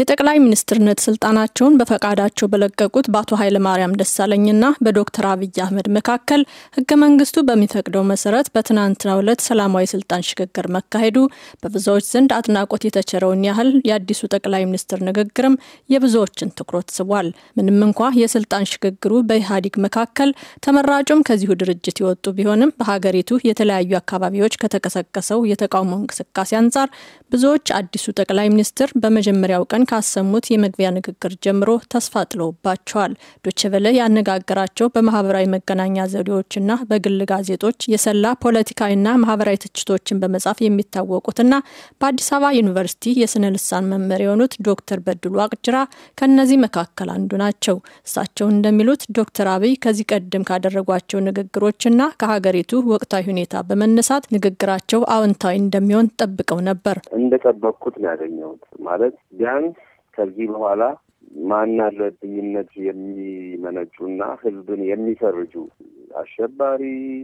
የጠቅላይ ሚኒስትርነት ስልጣናቸውን በፈቃዳቸው በለቀቁት በአቶ ኃይለማርያም ደሳለኝና በዶክተር አብይ አህመድ መካከል ህገ መንግስቱ በሚፈቅደው መሰረት በትናንትናው ዕለት ሰላማዊ ስልጣን ሽግግር መካሄዱ በብዙዎች ዘንድ አድናቆት የተቸረውን ያህል የአዲሱ ጠቅላይ ሚኒስትር ንግግርም የብዙዎችን ትኩረት ስቧል። ምንም እንኳ የስልጣን ሽግግሩ በኢህአዴግ መካከል ተመራጩም ከዚሁ ድርጅት የወጡ ቢሆንም በሀገሪቱ የተለያዩ አካባቢዎች ከተቀሰቀሰው የተቃውሞ እንቅስቃሴ አንጻር ብዙዎች አዲሱ ጠቅላይ ሚኒስትር በመጀመሪያው ቀን ካሰሙት የመግቢያ ንግግር ጀምሮ ተስፋ ጥለውባቸዋል። ዶችቨለ ያነጋገራቸው በማህበራዊ መገናኛ ዘዴዎችና በግል ጋዜጦች የሰላ ፖለቲካዊና ማህበራዊ ትችቶችን በመጻፍ የሚታወቁትና በአዲስ አበባ ዩኒቨርሲቲ የስነ ልሳን መምህር የሆኑት ዶክተር በድሉ አቅጅራ ከእነዚህ መካከል አንዱ ናቸው። እሳቸው እንደሚሉት ዶክተር አብይ ከዚህ ቀደም ካደረጓቸው ንግግሮችና ከሀገሪቱ ወቅታዊ ሁኔታ በመነሳት ንግግራቸው አዎንታዊ እንደሚሆን ጠብቀው ነበር። እንደጠበቅኩት ነው ያገኘሁት። ማለት ቢያንስ ከዚህ በኋላ ማን የሚመነጩና ህዝብን የሚፈርጁ አሸባሪ፣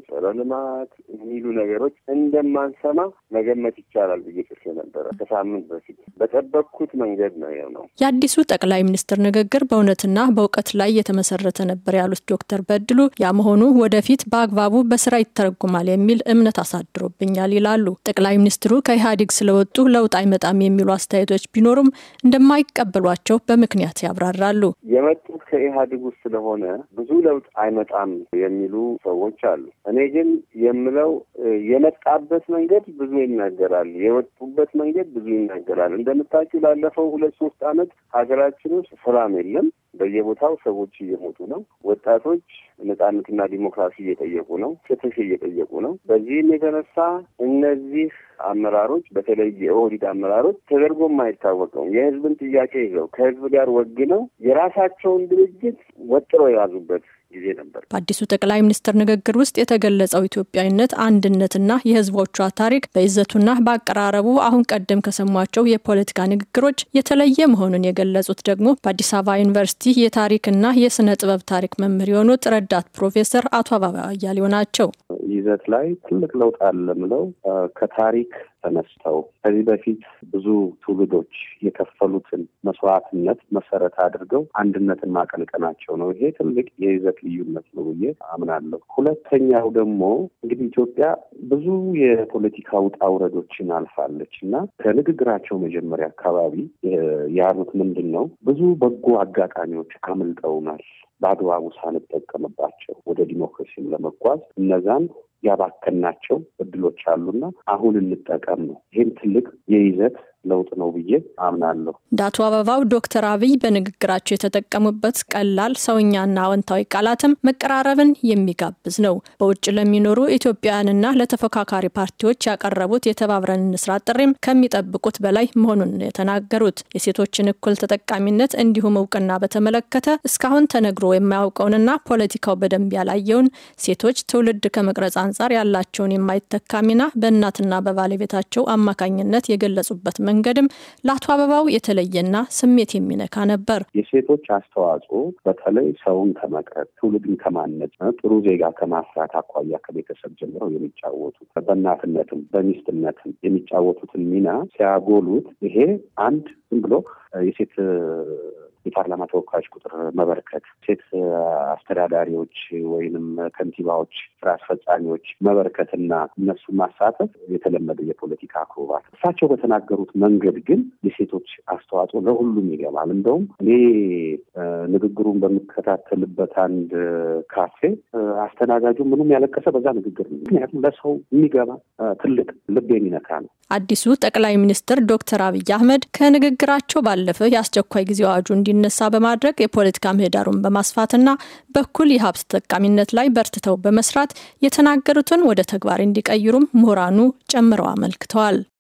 ጸረ ልማት የሚሉ ነገሮች እንደማንሰማ መገመት ይቻላል ብዬ ጽፌ ነበረ ከሳምንት በፊት። በጠበቅኩት መንገድ ነው ነው የአዲሱ ጠቅላይ ሚኒስትር ንግግር በእውነትና በእውቀት ላይ የተመሰረተ ነበር ያሉት ዶክተር በድሉ ያ መሆኑ ወደፊት በአግባቡ በስራ ይተረጉማል የሚል እምነት አሳድሮብኛል ይላሉ። ጠቅላይ ሚኒስትሩ ከኢህአዴግ ስለወጡ ለውጥ አይመጣም የሚሉ አስተያየቶች ቢኖሩም እንደማይቀበሏቸው በምክንያት ያብራራሉ። የመጡት ከኢህአዴግ ውስጥ ስለሆነ ብዙ ለውጥ አይመጣም የሚሉ የሚሉ ሰዎች አሉ። እኔ ግን የምለው የመጣበት መንገድ ብዙ ይናገራል፣ የወጡበት መንገድ ብዙ ይናገራል። እንደምታውቂው ላለፈው ሁለት ሶስት አመት ሀገራችን ውስጥ ሰላም የለም። በየቦታው ሰዎች እየሞቱ ነው። ወጣቶች ነጻነትና ዲሞክራሲ እየጠየቁ ነው፣ ፍትህ እየጠየቁ ነው። በዚህም የተነሳ እነዚህ አመራሮች በተለይ የኦህዲድ አመራሮች ተደርጎ የማይታወቀው የህዝብን ጥያቄ ይዘው ከህዝብ ጋር ወግነው የራሳቸውን ድርጅት ወጥረው የያዙበት ጊዜ ነበር። በአዲሱ ጠቅላይ ሚኒስትር ንግግር ውስጥ የተገለጸው ኢትዮጵያዊነት፣ አንድነትና የህዝቦቿ ታሪክ በይዘቱና በአቀራረቡ አሁን ቀደም ከሰሟቸው የፖለቲካ ንግግሮች የተለየ መሆኑን የገለጹት ደግሞ በአዲስ አበባ ዩኒቨርሲቲ የታሪክና የስነ ጥበብ ታሪክ መምህር የሆኑት ረዳት ፕሮፌሰር አቶ አባባ አያሌው ናቸው። ይዘት ላይ ትልቅ ለውጥ አለ ምለው ከታሪክ ተነስተው ከዚህ በፊት ብዙ ትውልዶች የከፈሉትን መስዋዕትነት መሰረት አድርገው አንድነትን ማቀንቀናቸው ነው። ይሄ ትልቅ የይዘት ልዩነት ነው ብዬ አምናለሁ። ሁለተኛው ደግሞ እንግዲህ ኢትዮጵያ ብዙ የፖለቲካ ውጣ ውረዶችን አልፋለች እና ከንግግራቸው መጀመሪያ አካባቢ ያሉት ምንድን ነው? ብዙ በጎ አጋጣሚዎች አምልጠውናል በአግባቡ ሳንጠቀምባቸው ወደ ዲሞክራሲም ለመጓዝ እነዛን ያባከናቸው እድሎች አሉና አሁን እንጠቀም ነው። ይህም ትልቅ የይዘት ለውጥ ነው ብዬ አምናለሁ። እንደ አቶ አበባው ዶክተር አብይ በንግግራቸው የተጠቀሙበት ቀላል ሰውኛና አወንታዊ ቃላትም መቀራረብን የሚጋብዝ ነው። በውጭ ለሚኖሩ ኢትዮጵያውያንና ለተፎካካሪ ፓርቲዎች ያቀረቡት የተባብረን እንስራ ጥሪም ከሚጠብቁት በላይ መሆኑን የተናገሩት የሴቶችን እኩል ተጠቃሚነት እንዲሁም እውቅና በተመለከተ እስካሁን ተነግሮ የማያውቀውንና ፖለቲካው በደንብ ያላየውን ሴቶች ትውልድ ከመቅረጽ አንጻር ያላቸውን የማይተካ ሚና በእናትና በባለቤታቸው አማካኝነት የገለጹበት መንገድ መንገድም ለአቶ አበባው የተለየና ስሜት የሚነካ ነበር። የሴቶች አስተዋጽኦ በተለይ ሰውን ከመቅረጥ ትውልድን ከማነጽ ጥሩ ዜጋ ከማፍራት አኳያ ከቤተሰብ ጀምረው የሚጫወቱት በእናትነትም በሚስትነትም የሚጫወቱትን ሚና ሲያጎሉት ይሄ አንድ ዝም ብሎ የሴት የፓርላማ ተወካዮች ቁጥር መበርከት፣ ሴት አስተዳዳሪዎች ወይንም ከንቲባዎች፣ ስራ አስፈጻሚዎች መበርከትና እነሱን ማሳተፍ የተለመደ የፖለቲካ አክሮባት። እሳቸው በተናገሩት መንገድ ግን የሴቶች አስተዋጽኦ ለሁሉም ይገባል። እንደውም እኔ ንግግሩን በሚከታተልበት አንድ ካፌ አስተናጋጁ ምንም ያለቀሰ በዛ ንግግር ነው። ምክንያቱም ለሰው የሚገባ ትልቅ ልብ የሚነካ ነው። አዲሱ ጠቅላይ ሚኒስትር ዶክተር አብይ አህመድ ከንግግራቸው ባለፈ የአስቸኳይ ጊዜ አዋጁ እንዲነሳ በማድረግ የፖለቲካ ምህዳሩን በማስፋትና በኩል የሀብት ተጠቃሚነት ላይ በርትተው በመስራት የተናገሩትን ወደ ተግባር እንዲቀይሩም ምሁራኑ ጨምረው አመልክተዋል።